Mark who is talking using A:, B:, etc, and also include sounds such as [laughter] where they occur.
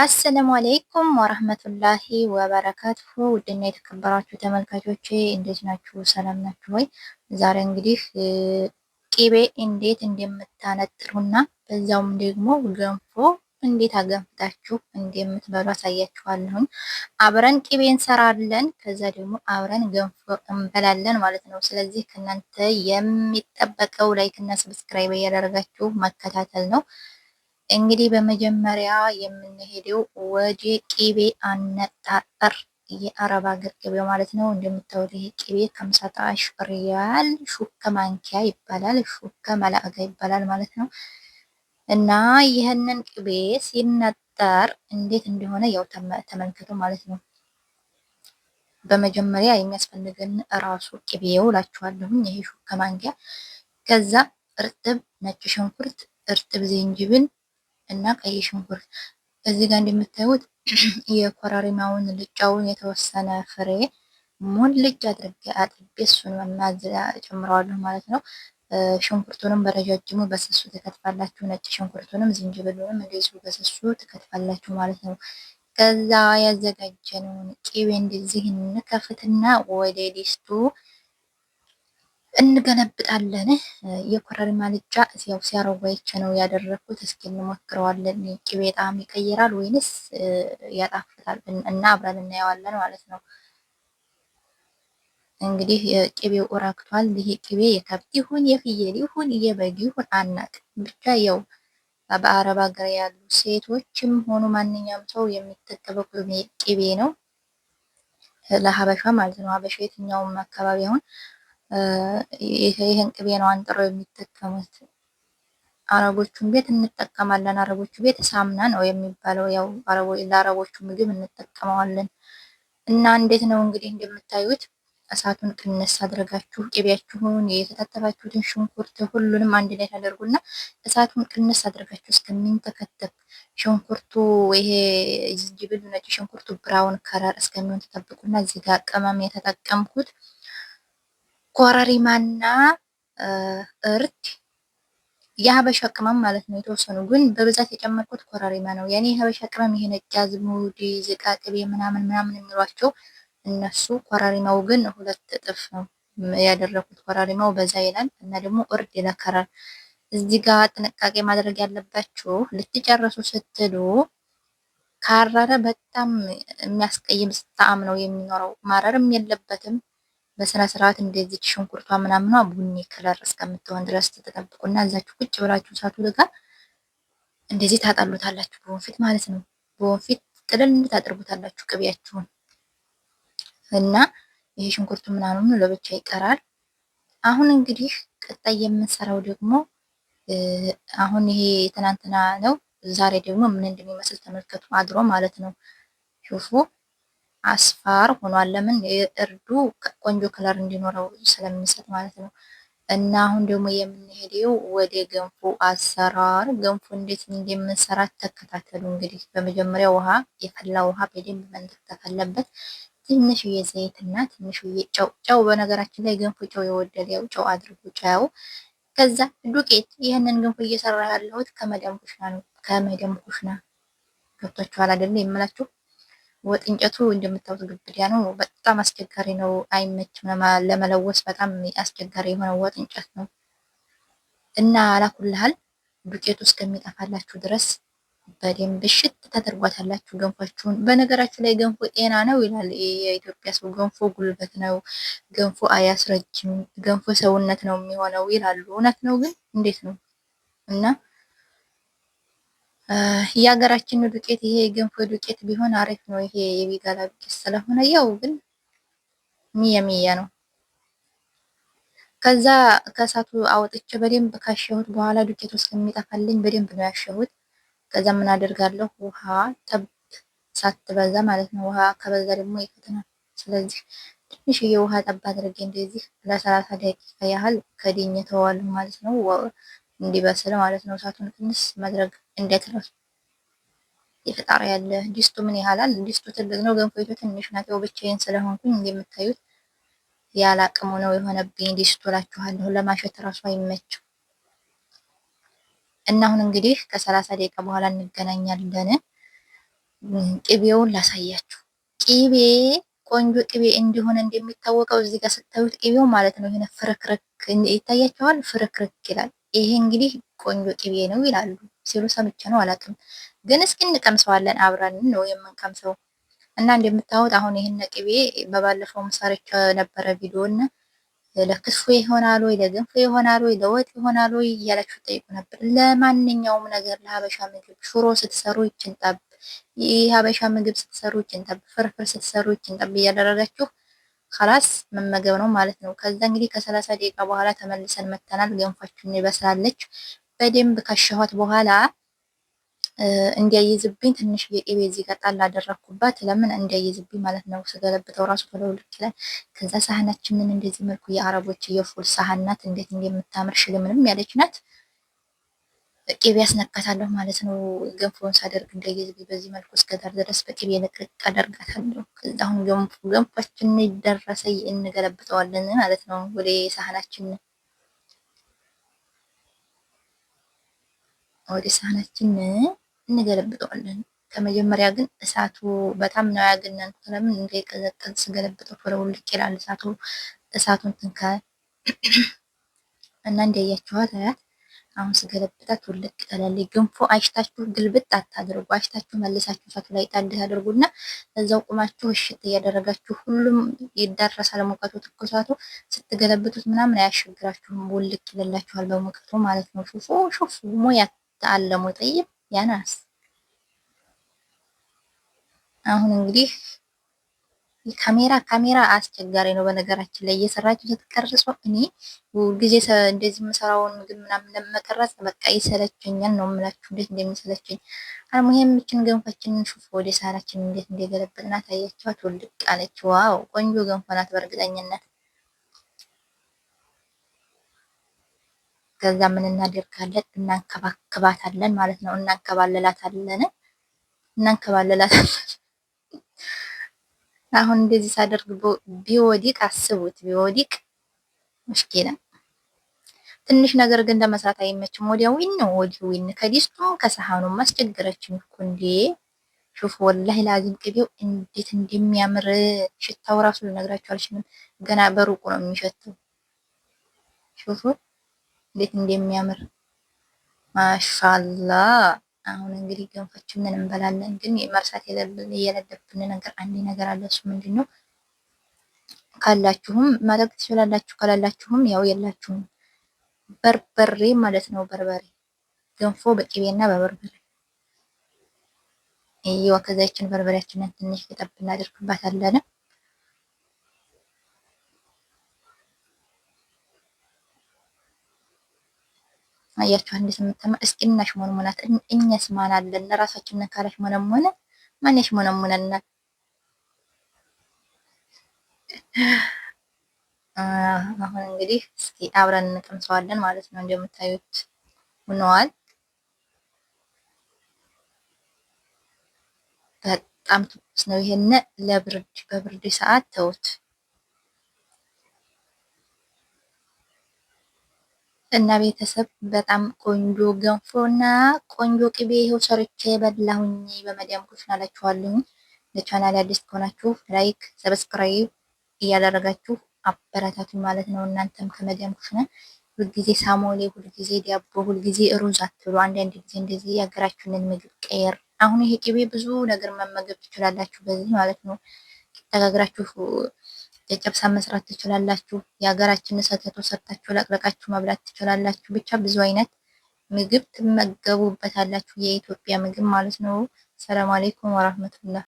A: አሰላሙ አሌይኩም ወረህመቱላሂ ወበረካቱሁ ውድና የተከበራችሁ ተመልካቾች እንዴት ናችሁ? ሰላም ናችሁ ወይ? ዛሬ እንግዲህ ቂቤ እንዴት እንደምታነጥሩና በዛውም ደግሞ ገንፎ እንዴት አገንፍታችሁ እንደምትበሉ አሳያችኋለሁኝ። አብረን ቂቤ እንሰራለን፣ ከዛ ደግሞ አብረን ገንፎ እንበላለን ማለት ነው። ስለዚህ ከእናንተ የሚጠበቀው ላይክ እና ሰብስክራይብ እያደረጋችሁ መከታተል ነው። እንግዲህ በመጀመሪያ የምንሄደው ወደ ቅቤ አነጣጠር የአረብ ሀገር ቅቤ ማለት ነው። እንደምታዩት ይሄ ቅቤ ከምሳጣ ሪያል ሹከ ማንኪያ ይባላል። ሹከ መላእጋ ይባላል ማለት ነው። እና ይህንን ቅቤ ሲነጠር እንዴት እንደሆነ ያው ተመልከቱ ማለት ነው። በመጀመሪያ የሚያስፈልገን ራሱ ቅቤው ላችኋለሁኝ። ይሄ ሹከ ማንኪያ፣ ከዛ እርጥብ ነጭ ሽንኩርት፣ እርጥብ ዝንጅብል እና ቀይ ሽንኩርት እዚህ ጋር እንደምታዩት [clears throat] የኮራሪማውን ልጫውን የተወሰነ ፍሬ ሞን ልጅ አድርጌ አጥቤ እሱን ማዝያ ጨምረዋለሁ ማለት ነው። ሽንኩርቱንም በረጃጅሙ በስሱ ትከትፋላችሁ። ነጭ ሽንኩርቱንም ዝንጅብሉንም እንደዚሁ በስሱ ትከትፋላችሁ ማለት ነው። ከዛ ያዘጋጀነውን ቂቤ እንደዚህ እንከፍትና ወደ ዲስቱ እንገለብጣለን። የኮረሪማ ልጫ ያው ሲያረዋይቼ ነው ያደረግኩት። እስኪ እንሞክረዋለን። ቂቤ ጣዕም ይቀይራል ወይንስ ያጣፍጣል? እና አብረን እናየዋለን ማለት ነው። እንግዲህ ቂቤው ረግቷል። ይህ ቂቤ የከብት ይሁን የፍየል ይሁን የበግ ይሁን አናቅ፣ ብቻ ያው በአረብ ሀገር ያሉ ሴቶችም ሆኑ ማንኛውም ሰው የሚጠቀመው ቂቤ ነው። ለሀበሻ ማለት ነው። ሀበሻ የትኛውም አካባቢ አሁን ይህን ቅቤ ነው አንጥረው የሚጠቀሙት። አረቦቹን ቤት እንጠቀማለን። አረቦቹ ቤት ሳምና ነው የሚባለው። ያው ለአረቦቹ ምግብ እንጠቀመዋለን። እና እንዴት ነው እንግዲህ እንደምታዩት እሳቱን ቅንስ አድርጋችሁ ቅቤያችሁን የተከተፋችሁትን ሽንኩርት ሁሉንም አንድ ላይ ታደርጉና እሳቱን ቅንስ አድርጋችሁ እስከሚንተከተፍ ሽንኩርቱ ይሄ ዝንጅብል፣ ነጭ ሽንኩርቱ ብራውን ከረር እስከሚሆን ተጠብቁና እዚህ ጋር ቅመም የተጠቀምኩት ኮረሪማና እርድ የሀበሻ ቅመም ማለት ነው። የተወሰኑ ግን በብዛት የጨመርኩት ኮረሪማ ነው። የኔ የሀበሻ ቅመም ይሄ ነጭ አዝሙድ፣ ዝቃቅቤ ምናምን ምናምን የሚሏቸው እነሱ፣ ኮረሪማው ግን ሁለት እጥፍ ነው ያደረኩት። ኮረሪማው በዛ ይላል እና ደግሞ እርድ ይለከራል። እዚህ ጋር ጥንቃቄ ማድረግ ያለባችሁ ልትጨርሱ ስትሉ ካረረ በጣም የሚያስቀይም ጣዕም ነው የሚኖረው። ማረርም የለበትም በስነ ስርዓት እንደዚች ሽንኩርቷ ምናምኗ ቡኒ ከለር እስከምትሆን ድረስ ተጠብቁና እዛችሁ ቁጭ ብላችሁ እሳቱ ጋር እንደዚህ ታጣሉታላችሁ። በወንፊት ማለት ነው። በወንፊት ጥልል ታጥርቡታላችሁ ቅቤያችሁን እና ይሄ ሽንኩርቱ ምናምኑ ለብቻ ይቀራል። አሁን እንግዲህ ቀጣይ የምንሰራው ደግሞ አሁን ይሄ ትናንትና ነው። ዛሬ ደግሞ ምን እንደሚመስል ተመልከቱ። አድሮ ማለት ነው ሹፉ አስፋር ሆኗል። ለምን እርዱ ቆንጆ ከለር እንዲኖረው ስለሚሰጥ ማለት ነው። እና አሁን ደግሞ የምንሄደው ወደ ገንፎ አሰራር፣ ገንፎ እንዴት እንደምንሰራ ተከታተሉ። እንግዲህ በመጀመሪያ ውሃ፣ የፈላ ውሃ በደንብ መንጠፍ አለበት። ትንሽዬ ዘይትና ትንሽዬ ጨው። ጨው በነገራችን ላይ ገንፎ ጨው የወደደ ያው ጨው አድርጎ ጨው ከዛ ዱቄት። ይህንን ገንፎ እየሰራ ያለሁት ከመደም ኩሽና ነው። ከመደም ኩሽና ገብቷችኋል አይደል የምላችሁ ወጥ እንጨቱ እንደምታዩት ግብዳ ነው። በጣም አስቸጋሪ ነው፣ አይመችም ለመለወስ። በጣም አስቸጋሪ የሆነ ወጥ እንጨት ነው እና አላኩልሃል ዱቄቱ እስከሚጠፋላችሁ ድረስ በደንብ እሽት ተደርጓታላችሁ ገንፎችሁን። በነገራችሁ ላይ ገንፎ ጤና ነው ይላል የኢትዮጵያ ሰው። ገንፎ ጉልበት ነው፣ ገንፎ አያስረጅም፣ ገንፎ ሰውነት ነው የሚሆነው ይላሉ። እውነት ነው ግን እንዴት ነው እና የሀገራችን ዱቄት ይሄ የገንፎ ዱቄት ቢሆን አሪፍ ነው። ይሄ የቢጋላ ዱቄት ስለሆነ ያው ግን ሚያ ሚያ ነው። ከዛ ከእሳቱ አወጥቼ በደንብ ካሸሁት በኋላ ዱቄቱ እስከሚጠፋልኝ በደንብ ነው ያሸሁት። ከዛ ምን አደርጋለሁ ውሃ ተብ ሳትበዛ ማለት ነው። ውሃ ከበዛ ደግሞ ይፈትናል። ስለዚህ ትንሽዬ ውሃ ጠብ አድርጌ እንደዚህ ለሰላሳ ደቂቃ ያህል ከድኜ ተዋሉ ማለት ነው። እንዲበስል ማለት ነው። እሳቱን ትንሽ ማድረግ እንዴት ነው የፈጣሪ ያለ ዲስቱ ምን ያህላል? ዲስቱ ትልቅ ነው፣ ገንፎይቱ ትንሽ ናት። ያው ብቻዬን ስለሆንኩኝ እንደምታዩት ያላቅሙ ነው የሆነብኝ ዲስቱ እላችኋለሁ። ለማሸት ራሱ አይመችም። እና አሁን እንግዲህ ከሰላሳ ደቂቃ በኋላ እንገናኛለን። ቅቤውን ላሳያችሁ። ቅቤ ቆንጆ ቅቤ እንዲሆን እንደሚታወቀው እዚህ ጋር ስታዩት ቅቤው ማለት ነው የሆነ ፍርክርክ ይታያቸዋል፣ ፍርክርክ ይላል። ይሄ እንግዲህ ቆንጆ ቅቤ ነው ይላሉ። ሲሉ ሰምቼ ነው አላውቅም፣ ግን እስኪ እንቀምሰዋለን አብረን ነው የምንቀምሰው። እና እንደምታዩት አሁን ይህን ቅቤ በባለፈው ምሳሪቻ ነበረ ቪዲዮን ለክትፎ ይሆናል ወይ ለገንፎ ይሆናል ወይ ለወጥ ይሆናል ወይ እያላችሁ ጠይቁ ነበር። ለማንኛውም ነገር ለሀበሻ ምግብ ሽሮ ስትሰሩ ይችን ጠብ፣ የሀበሻ ምግብ ስትሰሩ ይችን ጠብ፣ ፍርፍር ስትሰሩ ይችን ጠብ እያደረጋችሁ ከላስ መመገብ ነው ማለት ነው። ከዛ እንግዲህ ከሰላሳ ደቂቃ በኋላ ተመልሰን መተናል። ገንፋችን ይበስላለች። በደንብ ከሸኋት በኋላ እንዲያይዝብኝ ትንሽ የቅቤ እዚህ ጋር ጣል አደረግኩባት። ለምን እንዲያይዝብኝ ማለት ነው። ስገለብተው ራሱ ብለው ልክ ይላል። ከዛ ሳህናችንን እንደዚህ መልኩ የአረቦች የፉል ሳህን ናት። እንዴት እንደምታምር ሽልምንም ያለች ናት። ቅቤ ያስነካታለሁ ማለት ነው። ገንፎን ሳደርግ እንዳይዝብኝ በዚህ መልኩ እስከዳር ድረስ በቅቤ ንቅቅ አደርጋታለሁ። አሁን ገንፎችን ደረሰ እንገለብጠዋለን ማለት ነው ወደ ሳህናችን ወደ ሳህናችን እንገለብጠዋለን። ከመጀመሪያ ግን እሳቱ በጣም ነው ያገናንኩት። ለምን እንዳይቀዘቅዝ ስገለብጠው ቶሎ ውልቅ ይላል እሳቱ እሳቱን ትንካ [clears throat] እና እንዳያችኋት አያት አሁን ስገለብጣት ውልቅ ይላል። ግንፎ አሽታችሁ ግልብጥ አታድርጉ። አሽታችሁ መልሳችሁ እሳቱ ላይ ጣድ ታደርጉና እዛው ቁማችሁ እሽት እያደረጋችሁ ሁሉም ይዳረሳል። ሙቀቱ ትኩሳቱ ስትገለብጡት ምናምን አያሸግራችሁም። ውልቅ ይልላችኋል በሙቀቱ ማለት ነው። ሹፉ ሹፉ ሙያት ተአለሙ ጠይብ ያናስ። አሁን እንግዲህ ካሜራ ካሜራ አስቸጋሪ ነው። በነገራችን ላይ እየሰራችሁ ስትቀርጹ እኔ ጊዜ እንደዚህ የምሰራውን ምግብ ምናምን ለመቀረጽ በቃ ይሰለቸኛል ነው የምላችሁ፣ እንዴት እንደሚሰለቸኝ አልሙሄም። ይችን ገንፋችንን ሹፍ ወደ ሳራችን እንዴት እንደገለበጥናት አያችኋት? ውልቅ አለች። ዋው ቆንጆ ገንፎ ናት በእርግጠኝነት። ከዛ ምን እናደርጋለን? እናንከባከባታለን ማለት ነው። እናንከባለላታለን እናንከባለላታለን። አሁን እንደዚህ ሳደርግ ቢወዲቅ አስቡት፣ ቢወዲቅ ሙሽኪላ። ትንሽ ነገር ግን ለመስራት አይመችም። ወዲያዊን ነው ወዲያዊን፣ ከዲስቱም ከሰሃኑም አስቸገረችኝ እኮ እንዴ! ሹፍ ወላሂ ላዚም ቅቤው እንዴት እንደሚያምር ሽታው ራሱ ልነግራችሁ አልችልም። ገና በሩቁ ነው የሚሸተው። ሹፉ እንዴት እንደሚያምር ማሻላ። አሁን እንግዲህ ገንፋችንን እንበላለን። ግን መርሳት የሌለብን ነገር አንድ ነገር አለ። እሱ ምንድን ነው? ካላችሁም ማድረግ ትችላላችሁ፣ ካላላችሁም ያው የላችሁም። በርበሬ ማለት ነው። በርበሬ ገንፎ በቅቤና በበርበሬ ይሄው። ከዛችን በርበሬያችንን ትንሽ የጠብ እናደርግባታለን። አያችሁ እንዴት የምታምር እስኪ እናሽ ሞንሞናት እኛስ ማን አለን ራሳችንን ካላሽ ሞነሞነ ማን ያሽ ሞነሞነናል አሁን እንግዲህ እስኪ አብረን እንቀምሰዋለን ማለት ነው እንደምታዩት ሆነዋል በጣም ትኩስ ነው ይሄን ለብርድ በብርድ ሰዓት ተውት እና ቤተሰብ በጣም ቆንጆ ገንፎ እና ቆንጆ ቅቤ ይሄው ሰርቼ በላሁኝ። በመዲያም ኩሽና አላችኋለሁኝ። ለቻናል አዲስ ከሆናችሁ ላይክ፣ ሰብስክራይብ እያደረጋችሁ አበረታቱኝ ማለት ነው። እናንተም ከመዲያም ኩሽና ሁልጊዜ ሳሞሌ፣ ሁልጊዜ ዲያቦ፣ ሁልጊዜ ሩዝ አትሉ። አንዳንድ ጊዜ እንደዚህ የሀገራችንን ምግብ ቀየር። አሁን ይሄ ቅቤ ብዙ ነገር መመገብ ትችላላችሁ በዚህ ማለት ነው። ተጋግራችሁ ጨጨብሳ መስራት ትችላላችሁ። የሀገራችንን ሰተቶ ሰርታችሁ ለቅለቃችሁ መብላት ትችላላችሁ። ብቻ ብዙ አይነት ምግብ ትመገቡበታላችሁ። የኢትዮጵያ ምግብ ማለት ነው። ሰላም አሌይኩም ወራህመቱላህ